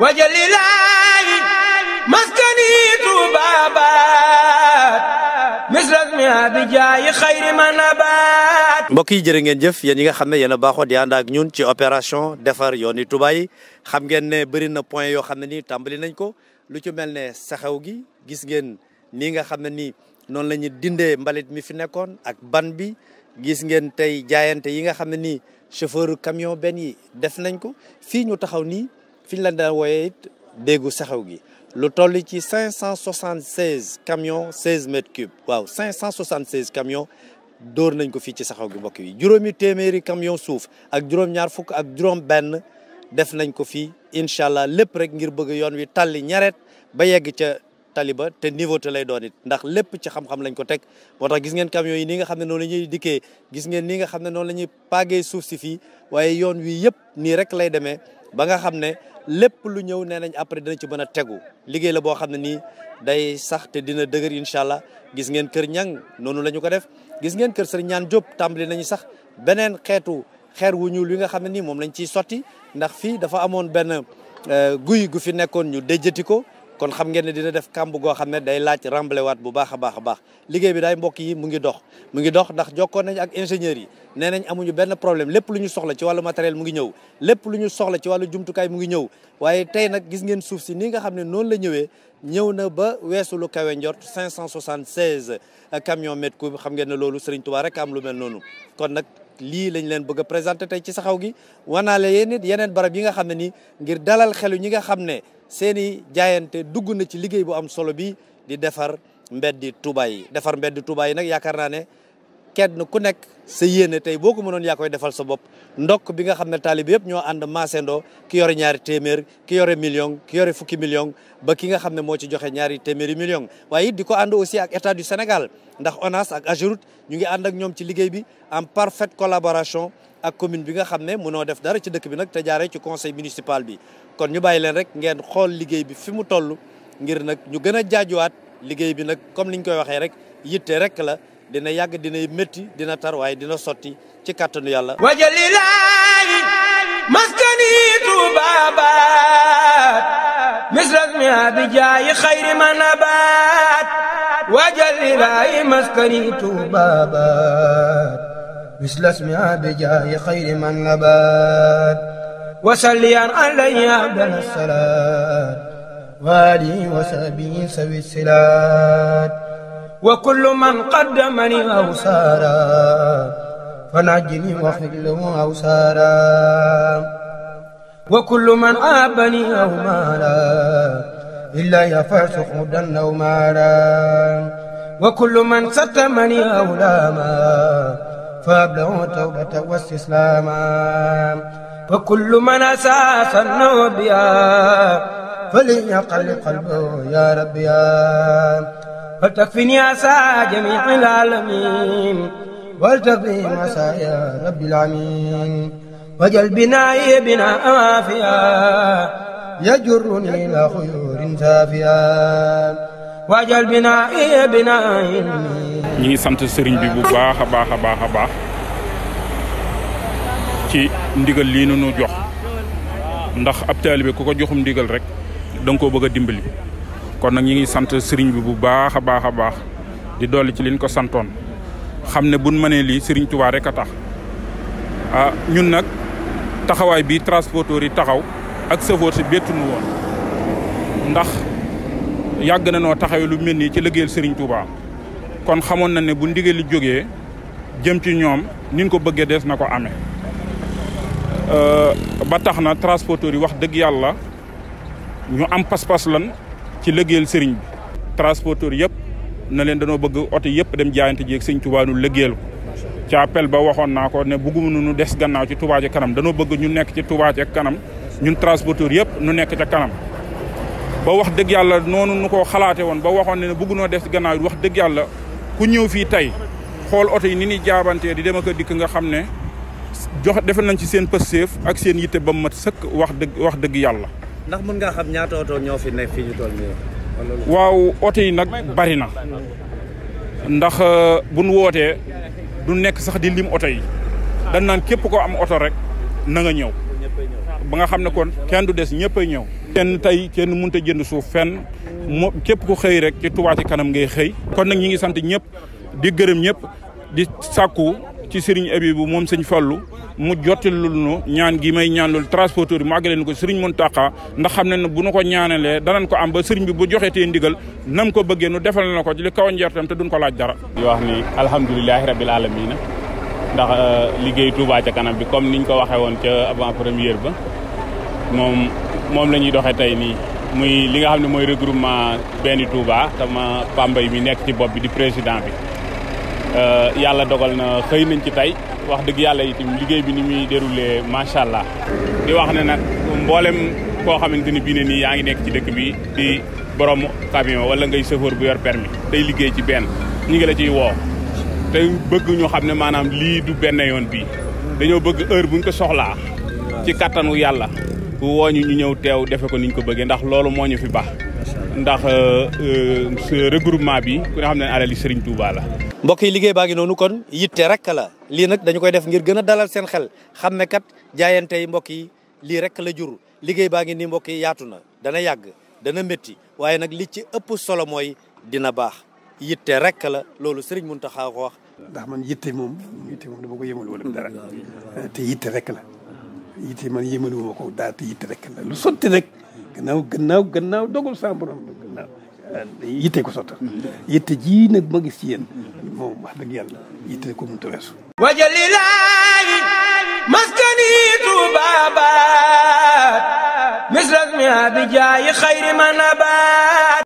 wajalilaayi maskani tuubaabaat misrasmi abijaayi xayri ma nabaat mbokk yi jërë ngeen jëf yéen yi nga xam ne yéen a baaxoo di ànd ak ñun ci opération defar yooni tubaay xam ngeen ne bëri na point yoo xam ne nii tàmbali nañ ko lu ci mel ne saxew gi gis ngeen nii nga xam ne nii noonu la dindee mbalit mi fi nekkoon ak ban bi gis ngeen tey jaayante yi nga xam ne nii chauffeur camion benn yi def nañ ko fii ñu taxaw nii fi ñu la daan wooyee it déggu saxaw gi lu toll ci 576 camions 16 mètres cubes waaw 576 camions dóor nañ ko fii ci saxaw gi mbokk yi juróomi téeméeri camion suuf ak juróom-ñaar fukk ak juróom-benn def nañ ko fii incha allah lépp rek ngir bëgg yoon wi talli ñaret ba yegg ca taliba te niveau te lay doon it ndax lépp ci xam-xam lañ ko teg moo tax gis ngeen camions yi ni nga xam ne noonu la ñuy dikkee gis ngeen ni nga xam ne noonu la ñuy paagee suuf si fii waaye yoon wi yëpp nii rek lay demee nga xam ne. lépp lu ñëw nee nañ après dina ci mën a tegu liggéey la boo xam ne nii day sax te dina dëgër incha allah gis ngeen kër ñang noonu la ñu ko def gis ngeen kër sax ñaan Diop tàmbali nañu sax beneen xeetu xeer wu ñuul yi nga xam ne nii moom lañ ciy sotti ndax fii dafa amoon benn euh, guy gu fi nekkoon ñu déjjati ko kon xam ngeen ne dina def kàmb goo xam ne day laaj remblé waat bu baax a baax a baax liggéey bi daay mbokk yi mu ngi dox mu ngi dox ndax jokkoon nañ ak ingénieurs yi nee nañ amuñu benn problème lépp lu ñu soxla ci wàllu matériel mu ngi ñëw lépp lu ñu soxla ci wàllu jumtukaay mu ngi ñëw waaye tey nag gis ngeen suuf si ni nga xam ne noonu la ñëwee ñëw na ba weesu lu kawe njort 576 euh, camion mètre cube xam ngeen ne loolu Serigne Touba rek am lu mel noonu kon nag lii lañ leen bëgg a tey ci saxaw gi wanaale yéen yi nga xam ne nii ngir dalal xelu ñi nga xam ne seeni jaayante dugg na ci liggéey bu am solo bi di defar mbeddi Touba yi defar mbeddi Touba yi nag yaakaar naa ne kenn ku nekk sa yéene tey boo ko mënoon yaa koy defal sa bopp ndokk bi nga xam ne taalibe yëpp ñoo ànd maasendoo ki yore ñaari téeméer ki yore million ki yore fukki million ba ki nga xam ne moo ci joxe ñaari téeméeri million waaye it di ko ànd aussi ak état du Sénégal ndax ONAS ak AGEROUTE ñu ngi ànd ak ñoom ci liggéey bi en parfaite collaboration ak commune bi nga xam ne noo def dara ci dëkk bi nag te jaaree ci conseil municipal bi kon ñu bàyyi leen rek ngeen xool liggéey bi fi mu toll ngir nag ñu gën a jaajuwaat liggéey bi nag comme ni ñu koy waxee rek yitte rek la dina yàgg dina métti dina tar waaye dina sotti ci kàttanu yàlla wajalilaayi maskanitu baabaat misras mi abijaayi xayri manabaat wajalilaayi maskanitu baabaat misras mi abijaayi xayri manabaat wasalliyan alayhi abdal salaat waali wasaabi sawi silaat wa kullu man qaddamani aw saara fa najjini waxfid lahu aw saara wa kullu man aabani aw maara illaa yafasu xudan aw maara wa kullu man sattamani aw laama fa ablahu tawbata wa istislaama وكل من أساس النوبيا فليقل قلبه يا ربي يا ولتكفني عسى جميع العالمين ولتقضي عسى يا رب العالمين وجل بنائي بنا أوافيا يجرني إلى خيور سافيا waajal bi naa eh bi naa ñu ngi sant sëriñ bi bu baax a baax a baax a baax ci ndigal lii nu jox ndax ab taalibe ku ko joxum ndigal rek da nga koo bëgg dimbali. kon nag ñi ngi sant sëriñ bi bu baax a baax a baax di dolli ci liñ ko santoon xam ne buñ mënee lii sëriñ Tuubaa rek a tax a ñun nag taxawaay bi transporteur yi taxaw ak chauffeur si bettuñu woon ndax yàgg na noo taxawee lu mel nii ci liggéeyal sëriñ Tuubaa kon xamoon na ne bu ndigal li jógee jëm ci ñoom niñ ko bëggee des na ko amee euh, ba tax na transporteur yi wax dëgg yàlla ñu am pas-pas lan ci liggéeyal sëriñ bi transporteur yëpp na leen danoo bëgg oto yëpp dem jaayante ji ak sëñ Touba nu liggéeyal ko ci appel ba waxoon naa ko ne bëggum nu des gannaaw ci Touba ca kanam danoo bëgg ñu nekk ci Touba ca kanam ñun transporteur yëpp nu nekk ca kanam ba wax dëgg yàlla noonu nu ko xalaate woon ba waxoon ne ne bëgg noo des gannaaw wax dëgg yàlla ku ñëw fii tey xool oto yi ni ñuy jaabantee di dem ak dikk nga xam ne jox defal nañ ci seen pësseef ak seen yitte ba mat sëkk wax dëgg wax dëgg yàlla ndax mën ngaa xam ñaata oto fi nekk fii ñu toll nii waaw oto yi nag bari na ndax euh, bu nu wootee du nekk sax di lim oto yi dañ naan képp koo am oto rek na nga ñëw ba nga xam ne kon kenn du des ñëppay ñëw kenn tey kenn mënut a jënd suuf fenn moo képp ku xëy rek ci Touba Kanam ngay xëy kon nag ñi ngi sant ñëpp di gërëm ñëpp di sakku ci sëriñ Abibu moom sëñ Fallu mu jottilul nu ñaan gi may ñaan loolu transporteur yi mu àggale nu ko sëriñ Muntaxa ndax xam ne ne bu nu ko ñaanalee danañ ko am ba sëriñ bi bu joxee tee ndigal nam ko bëggee nu defal na ko ci li kaw njertam te duñ ko laaj dara yoo wax ni alhamdulilahi rabil alamina ndax euh, liggéey Touba ca kanam bi comme niñ ko waxee woon ca avant première ba moom moom la ñuy doxee tey nii muy li nga xam ne mooy regroupement benni Touba ma Pambay mi nekk ci bopp bi di président bi Euh, yàlla dogal na xëy nañ ci tey wax dëgg yàlla itam liggéey bi ni muy déroulé macha allah. di wax ne nag mboolem koo xamante ni bii ne nii yaa ngi nekk ci dëkk bi di borom camion wala ngay chauffeur bu yor permis tey liggéey ci benn ñi ngi la ciy woo te bëgg ñu xam ne maanaam lii du benn yoon bii dañoo bëgg heure buñ ko soxlaa ci kattanu yàlla woo wooñu ñu ñëw teew defe ko niñ ko bëggee ndax loolu moo ñu fi baax. ndax euh, euh, regroupement bi ku ne xam ne alali Serigne Touba mbokk yi liggéey baa ngi noonu kon yitte rek la lii nag dañu koy def ngir gën a dalal seen xel xam ne kat jaayante yi mbokk yi lii rek la jur liggéey baa ngi nii mbokk yi yaatu na dana yàgg dana métti waaye nag li ci ëpp solo mooy dina baax yitte rek la loolu Serigne Mountakha ko wax. ndax man yitte moom yitte moom dama ko yëmal wala dara te yitte rek la yitte ma ko daal rek lu sotti rek gannaaw gannaaw gannaaw dogul sa borom yitte ko sottal yitte ji nag ma gis ci yéen moom wax dëgg yàlla yittee ko mënut a weesu wajalilaayi maskanitu baabaat misras mi abijaayi xayri ma nabaat